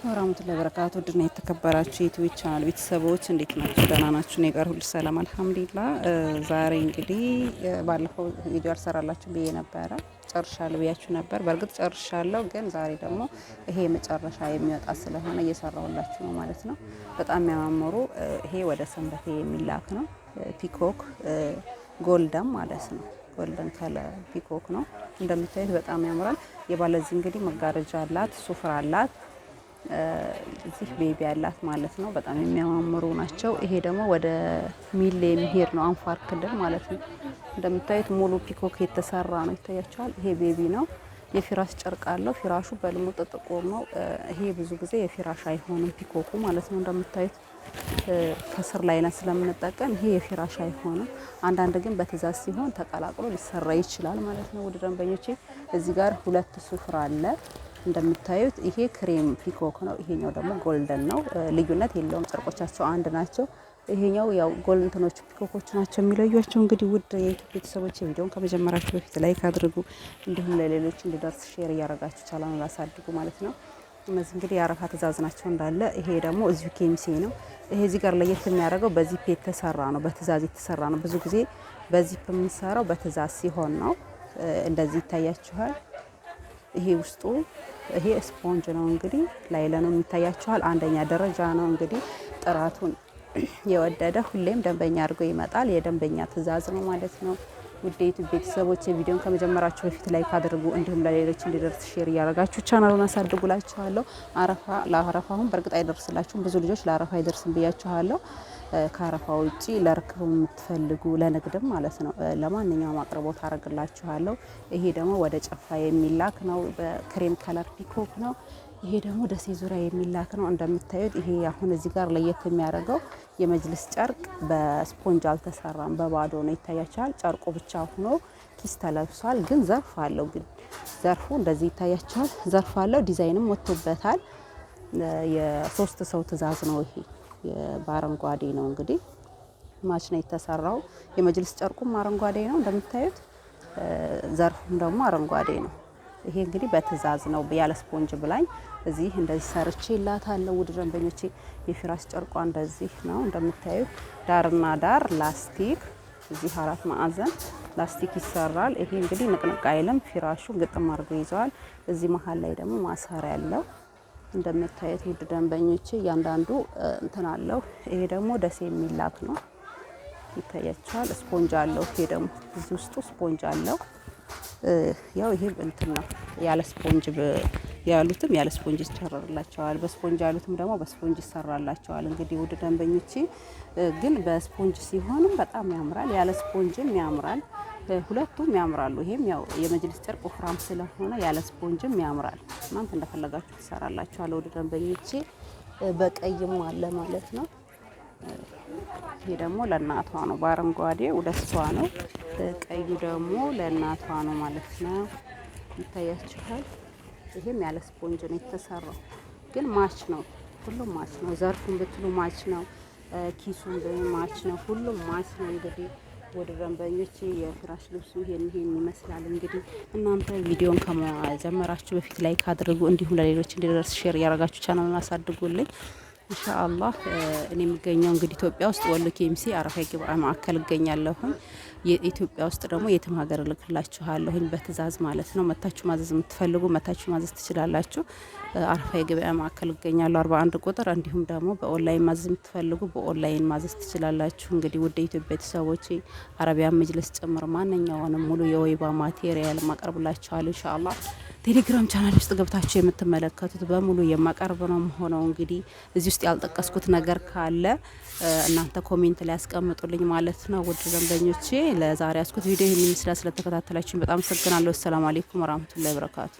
አለይኩም ወራህመቱላሂ ወበረካቱ ድና የተከበራችሁ የኢትዮ ቻናል ቤተሰቦች እንዴት ናችሁ? ደህና ናችሁ? እኔ ጋር ሁሉ ሰላም አልሐምዱሊላ። ዛሬ እንግዲህ ባለፈው ቪዲዮ አልሰራላችሁ ብዬ ነበረ ጨርሻለሁ ብያችሁ ነበር። በእርግጥ ጨርሻለሁ፣ ግን ዛሬ ደግሞ ይሄ መጨረሻ የሚወጣ ስለሆነ እየሰራሁላችሁ ነው ማለት ነው። በጣም የሚያማምሩ ይሄ ወደ ሰንበቴ የሚላክ ነው ፒኮክ ጎልደን ማለት ነው። ጎልደን ከለ ፒኮክ ነው እንደምታዩት በጣም ያምራል። የባለዚህ እንግዲህ መጋረጃ አላት፣ ሱፍራ አላት እዚህ ቤቢ ያላት ማለት ነው። በጣም የሚያማምሩ ናቸው። ይሄ ደግሞ ወደ ሚሌ የሚሄድ ነው፣ አንፋር ክልል ማለት ነው። እንደምታዩት ሙሉ ፒኮክ የተሰራ ነው፣ ይታያቸዋል። ይሄ ቤቢ ነው። የፊራሽ ጨርቅ አለው። ፊራሹ በልሙጥ ጥቁር ነው። ይሄ ብዙ ጊዜ የፊራሽ አይሆንም ፒኮኩ ማለት ነው። እንደምታዩት ከስር ላይ ነን ስለምንጠቀም ይሄ የፊራሽ አይሆንም። አንዳንድ ግን በትእዛዝ ሲሆን ተቀላቅሎ ሊሰራ ይችላል ማለት ነው። ውድ ደንበኞቼ እዚህ ጋር ሁለት ሱፍራ አለ እንደምታዩት ይሄ ክሬም ፒኮክ ነው። ይሄኛው ደግሞ ጎልደን ነው። ልዩነት የለውም። ጨርቆቻቸው አንድ ናቸው። ይሄኛው ያው ጎልንትኖቹ ፒኮኮች ናቸው የሚለዩቸው። እንግዲህ ውድ የዩቱብ ቤተሰቦች ቪዲዮን ከመጀመራችሁ በፊት ላይክ አድርጉ፣ እንዲሁም ለሌሎች እንዲደርስ ሼር እያደረጋችሁ ቻናሉን ላሳድጉ ማለት ነው። እነዚህ እንግዲህ የአረፋ ትእዛዝ ናቸው እንዳለ። ይሄ ደግሞ እዚሁ ኬሚሴ ነው። ይሄ እዚህ ጋር ለየት የሚያደርገው በዚፕ የተሰራ ነው፣ በትእዛዝ የተሰራ ነው። ብዙ ጊዜ በዚፕ የምንሰራው በትእዛዝ ሲሆን ነው። እንደዚህ ይታያችኋል። ይሄ ውስጡ ይሄ ስፖንጅ ነው እንግዲህ ላይ ለነው የሚታያችኋል። አንደኛ ደረጃ ነው እንግዲህ ጥራቱን የወደደ ሁሌም ደንበኛ አድርጎ ይመጣል። የደንበኛ ትእዛዝ ነው ማለት ነው። ውዴቱ ቤተሰቦች የቪዲዮን ከመጀመራችሁ በፊት ላይክ አድርጉ፣ እንዲሁም ለሌሎች እንዲደርስ ሼር እያደረጋችሁ ቻናሉን አሳድጉላችኋለሁ። አረፋ ለአረፋ አሁን በእርግጥ አይደርስላችሁም ብዙ ልጆች ለአረፋ አይደርስም ብያችኋለሁ። ከአረፋ ውጪ ለርክብ የምትፈልጉ ለንግድም ማለት ነው ለማንኛውም አቅርቦት አረግላችኋለሁ። ይሄ ደግሞ ወደ ጨፋ የሚላክ ነው። በክሬም ከለር ፒኮክ ነው። ይሄ ደግሞ ደሴ ዙሪያ የሚላክ ነው። እንደምታዩት ይሄ አሁን እዚህ ጋር ለየት የሚያደርገው የመጅልስ ጨርቅ በስፖንጅ አልተሰራም፣ በባዶ ነው። ይታያችኋል። ጨርቁ ብቻ ሆኖ ኪስ ተለብሷል። ግን ዘርፍ አለው። ግን ዘርፉ እንደዚህ ይታያችኋል። ዘርፍ አለው። ዲዛይንም ወጥቶበታል። የሶስት ሰው ትዕዛዝ ነው ይሄ በአረንጓዴ ነው እንግዲህ ማች ነው የተሰራው። የመጅልስ ጨርቁም አረንጓዴ ነው እንደምታዩት፣ ዘርፉም ደግሞ አረንጓዴ ነው። ይሄ እንግዲህ በትዕዛዝ ነው ያለ ስፖንጅ ብላኝ እዚህ እንደዚህ ሰርቼ ላታለሁ። ውድ ደንበኞቼ የፊራሽ ጨርቋ እንደዚህ ነው እንደምታዩት፣ ዳርና ዳር ላስቲክ እዚህ አራት ማዕዘን ላስቲክ ይሰራል። ይሄ እንግዲህ ንቅንቅ አይልም። ፊራሹ ግጥም አድርጎ ይዘዋል። እዚህ መሀል ላይ ደግሞ ማሰሪያ አለው። እንደምታየት ውድ ደንበኞች እያንዳንዱ እንትን አለው። ይሄ ደግሞ ደሴ የሚላክ ነው ይታያቸዋል። ስፖንጅ አለው። ይሄ ደግሞ እዚህ ውስጡ ስፖንጅ አለው። ያው ይሄ እንትን ነው ያለ ስፖንጅ ያሉትም ያለ ስፖንጅ ይሰራላቸዋል። በስፖንጅ ያሉትም ደግሞ በስፖንጅ ይሰራላቸዋል። እንግዲህ ውድ ደንበኞች ግን በስፖንጅ ሲሆንም በጣም ያምራል፣ ያለ ስፖንጅም ያምራል። ሁለቱም ያምራሉ። ይሄም ያው የመጅልስ ጨርቅ ወፍራም ስለሆነ ያለ ስፖንጅም ያምራል። እናንተ እንደፈለጋችሁ አለ ወደ ደንበኞቼ በቀይም አለ ማለት ነው። ይሄ ደግሞ ለእናቷ ነው። በአረንጓዴ ለእሷ ነው። ቀዩ ደግሞ ለእናቷ ነው ማለት ነው። ይታያችኋል። ይሄም ያለ ስፖንጅ ነው የተሰራው፣ ግን ማች ነው። ሁሉም ማች ነው። ዘርፉን ብትሉ ማች ነው። ኪሱን ማች ነው። ሁሉም ማች ነው እንግዲህ ወደ ደንበኞች የፍራሽ ልብሱ ይሄን ይሄን ይመስላል። እንግዲህ እናንተ ቪዲዮን ከመጀመራችሁ በፊት ላይክ አድርጉ፣ እንዲሁም ለሌሎች እንዲደርስ ሼር ያደረጋችሁ ቻናሉን አሳድጉልኝ። ኢንሻአላህ እኔ የምገኘው እንግዲህ ኢትዮጵያ ውስጥ ወሎ ኬምሲ አረፋ የገበያ ማዕከል እገኛለሁኝ። የኢትዮጵያ ውስጥ ደግሞ የትም ሀገር እልክላችኋለሁኝ በትእዛዝ ማለት ነው። መታችሁ ማዘዝ የምትፈልጉ መታችሁ ማዘዝ ትችላላችሁ። አረፋ የገበያ ማዕከል እገኛለሁ አርባ አንድ ቁጥር። እንዲሁም ደግሞ በኦንላይን ማዘዝ የምትፈልጉ በኦንላይን ማዘዝ ትችላላችሁ። እንግዲህ ውድ ኢትዮጵያ ቤተሰቦች አረቢያን መጅልስ ጭምር ማንኛውንም ሙሉ የወይባ ማቴሪያል ማቀርብላችኋል ኢንሻአላህ ቴሌግራም ቻናል ውስጥ ገብታችሁ የምትመለከቱት በሙሉ የማቀርብ ነው መሆነው። እንግዲህ እዚህ ውስጥ ያልጠቀስኩት ነገር ካለ እናንተ ኮሜንት ላይ ያስቀምጡልኝ ማለት ነው። ውድ ደንበኞቼ ለዛሬ ያስኩት ቪዲዮ ይህን ይመስላል። ስለተከታተላችሁኝ በጣም አመሰግናለሁ። ሰላም አሌይኩም ወራህመቱላሂ በረካቱ